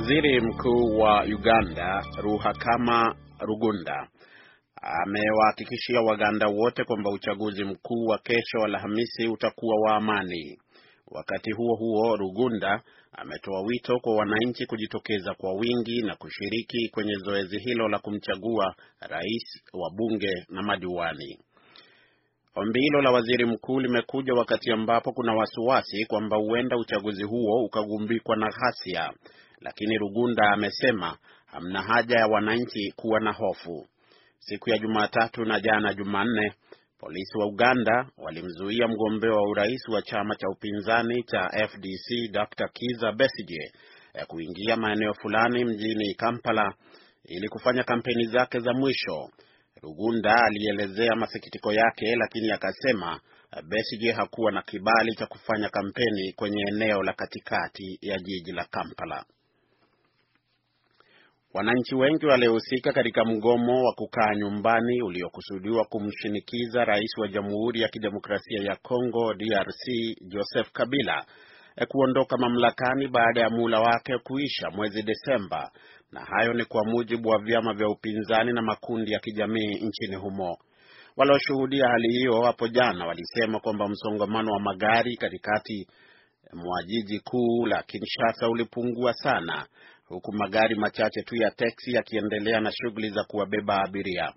Waziri Mkuu wa Uganda Ruhakama Rugunda amewahakikishia Waganda wote kwamba uchaguzi mkuu wa kesho Alhamisi utakuwa wa amani. Wakati huo huo, Rugunda ametoa wito kwa wananchi kujitokeza kwa wingi na kushiriki kwenye zoezi hilo la kumchagua rais, wabunge na madiwani. Ombi hilo la waziri mkuu limekuja wakati ambapo kuna wasiwasi kwamba huenda uchaguzi huo ukagumbikwa na ghasia lakini Rugunda amesema hamna haja ya wananchi kuwa na hofu. Siku ya Jumatatu na jana Jumanne, polisi wa Uganda walimzuia mgombea wa urais wa chama cha upinzani cha FDC Dr. Kiza Besige ya eh, kuingia maeneo fulani mjini Kampala ili kufanya kampeni zake za mwisho. Rugunda alielezea masikitiko yake, lakini akasema eh, Besigye hakuwa na kibali cha kufanya kampeni kwenye eneo la katikati ya jiji la Kampala. Wananchi wengi waliohusika katika mgomo wa kukaa nyumbani uliokusudiwa kumshinikiza rais wa Jamhuri ya Kidemokrasia ya Kongo DRC Joseph Kabila eh, kuondoka mamlakani baada ya muhula wake kuisha mwezi Desemba, na hayo ni kwa mujibu wa vyama vya upinzani na makundi ya kijamii nchini humo. Walioshuhudia hali hiyo hapo jana walisema kwamba msongamano wa magari katikati eh, mwa jiji kuu la Kinshasa ulipungua sana huku magari machache tu ya teksi yakiendelea na shughuli za kuwabeba abiria.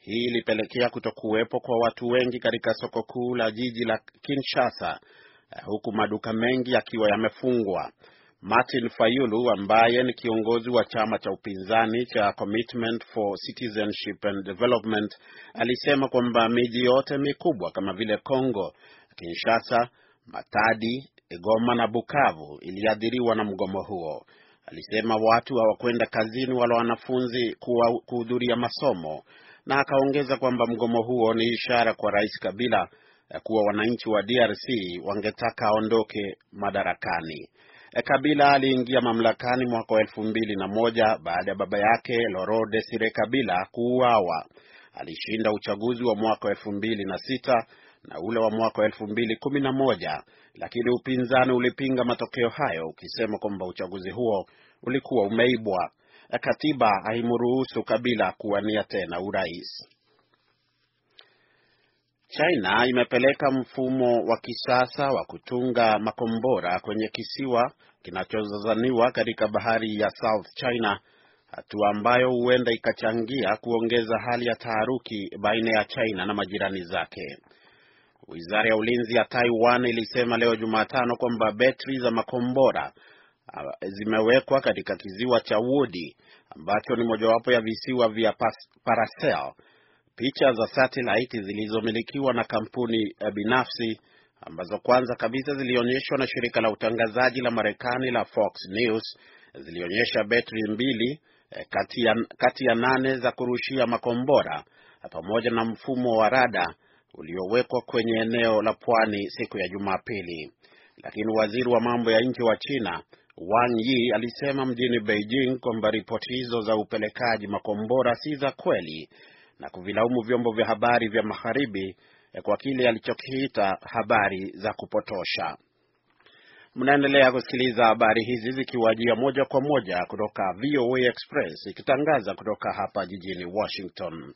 Hii ilipelekea kutokuwepo kwa watu wengi katika soko kuu la jiji la Kinshasa, eh, huku maduka mengi yakiwa yamefungwa. Martin Fayulu ambaye ni kiongozi wa chama cha upinzani cha Commitment for Citizenship and Development alisema kwamba miji yote mikubwa kama vile congo Kinshasa, Matadi, Goma na Bukavu iliathiriwa na mgomo huo. Alisema watu hawakwenda kazini wala wanafunzi kuhudhuria masomo, na akaongeza kwamba mgomo huo ni ishara kwa Rais Kabila ya kuwa wananchi wa DRC wangetaka aondoke madarakani. E, Kabila aliingia mamlakani mwaka wa elfu mbili na moja baada ya baba yake Loro Desire Kabila kuuawa. Alishinda uchaguzi wa mwaka wa elfu mbili na sita na ule wa mwaka elfu mbili kumi na moja, lakini upinzani ulipinga matokeo hayo ukisema kwamba uchaguzi huo ulikuwa umeibwa. Katiba haimruhusu Kabila kuwania tena urais. China imepeleka mfumo wa kisasa wa kutunga makombora kwenye kisiwa kinachozazaniwa katika bahari ya South China, hatua ambayo huenda ikachangia kuongeza hali ya taharuki baina ya China na majirani zake. Wizara ya ulinzi ya Taiwan ilisema leo Jumatano kwamba betri za makombora ah, zimewekwa katika kisiwa cha Wudi ambacho ni mojawapo ya visiwa vya Paracel. Picha za satelaiti zilizomilikiwa na kampuni eh, binafsi ambazo kwanza kabisa zilionyeshwa na shirika la utangazaji la Marekani la Fox News zilionyesha betri mbili eh, kati ya nane za kurushia makombora pamoja na mfumo wa rada uliowekwa kwenye eneo la pwani siku ya Jumapili, lakini waziri wa mambo ya nje wa China Wang Yi alisema mjini Beijing kwamba ripoti hizo za upelekaji makombora si za kweli na kuvilaumu vyombo vya habari vya magharibi eh, kwa kile alichokiita habari za kupotosha. Mnaendelea kusikiliza habari hizi zikiwajia moja kwa moja kutoka VOA Express ikitangaza kutoka hapa jijini Washington.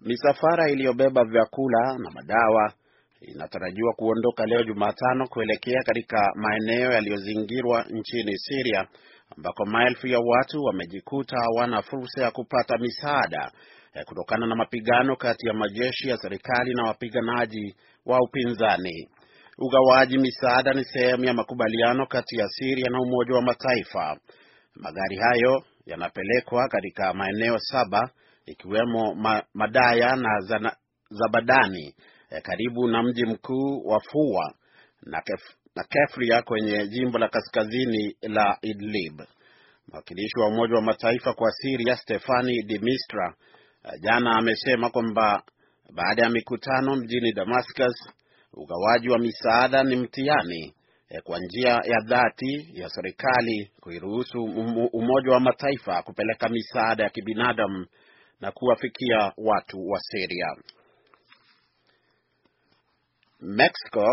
Misafara iliyobeba vyakula na madawa inatarajiwa kuondoka leo Jumatano kuelekea katika maeneo yaliyozingirwa nchini siria ambako maelfu ya watu wamejikuta hawana fursa ya kupata misaada eh, kutokana na mapigano kati ya majeshi ya serikali na wapiganaji wa upinzani. Ugawaji misaada ni sehemu ya makubaliano kati ya siria na Umoja wa Mataifa. Magari hayo yanapelekwa katika maeneo saba ikiwemo ma, Madaya na zana, Zabadani eh, karibu na mji mkuu wa Fua na, kef, na Kefria kwenye jimbo la kaskazini la Idlib. Mwakilishi wa Umoja wa Mataifa kwa Siria Stefani de Mistra eh, jana amesema kwamba baada ya mikutano mjini Damascus, ugawaji wa misaada ni mtihani eh, kwa njia ya dhati ya serikali kuiruhusu Umoja wa Mataifa kupeleka misaada ya kibinadamu na kuwafikia watu wa Syria. Mexico.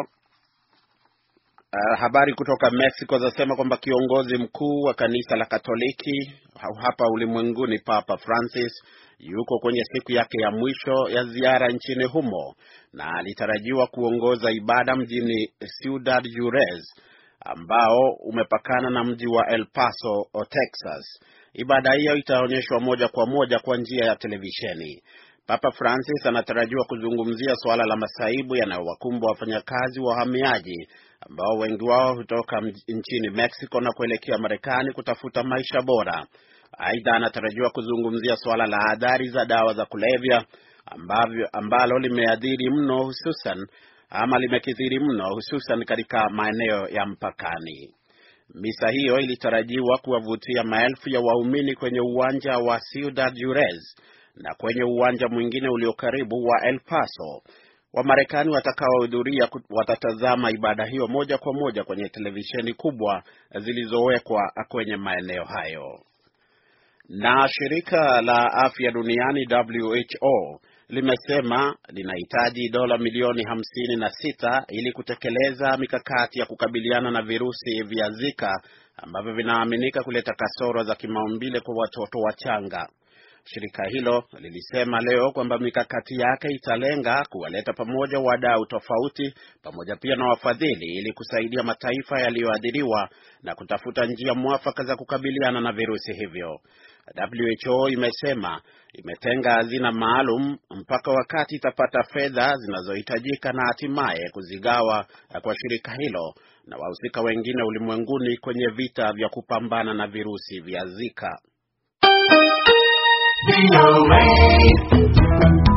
Uh, habari kutoka Mexico zasema kwamba kiongozi mkuu wa kanisa la Katoliki hapa ulimwenguni Papa Francis yuko kwenye siku yake ya mwisho ya ziara nchini humo na alitarajiwa kuongoza ibada mjini Ciudad Juarez ambao umepakana na mji wa El Paso, Texas ibada hiyo itaonyeshwa moja kwa moja kwa njia ya televisheni. Papa Francis anatarajiwa kuzungumzia suala la masaibu yanayowakumbwa wafanyakazi wa wahamiaji ambao wengi wao hutoka nchini Mexico na kuelekea Marekani kutafuta maisha bora. Aidha, anatarajiwa kuzungumzia suala la adhari za dawa za kulevya ambavyo ambalo limeadhiri mno hususan ama limekithiri mno hususan katika maeneo ya mpakani. Misa hiyo ilitarajiwa kuwavutia maelfu ya waumini kwenye uwanja wa Ciudad Juarez na kwenye uwanja mwingine ulio karibu wa El Paso. Wamarekani watakaohudhuria watatazama ibada hiyo moja kwa moja kwenye televisheni kubwa zilizowekwa kwenye maeneo hayo. Na shirika la afya duniani WHO limesema linahitaji dola milioni hamsini na sita ili kutekeleza mikakati ya kukabiliana na virusi vya Zika ambavyo vinaaminika kuleta kasoro za kimaumbile kwa watoto wachanga. Shirika hilo lilisema leo kwamba mikakati yake italenga kuwaleta pamoja wadau tofauti pamoja pia na wafadhili ili kusaidia mataifa yaliyoathiriwa na kutafuta njia mwafaka za kukabiliana na virusi hivyo. WHO imesema imetenga hazina maalum mpaka wakati itapata fedha zinazohitajika na hatimaye kuzigawa kwa shirika hilo na wahusika wengine ulimwenguni kwenye vita vya kupambana na virusi vya Zika. VOA.